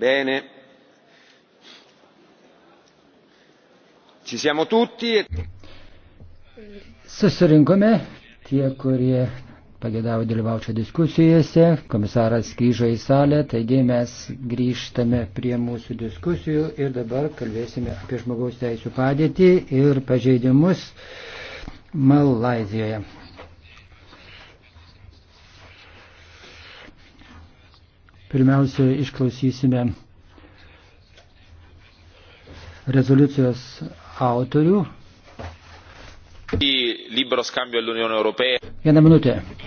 bene ci siamo tutti e- susirinkome tie kurie pagėdavo dalyvauti diskusijose komisaras grįžo į salę taigi mes grįžtame prie mūsų diskusijų ir dabar kalbėsime apie žmogaus teisų padėtį ir pažeidimus Malazijoje. Pirmiausia, išklausysime rezoliucijos autorių. Vieną minutę.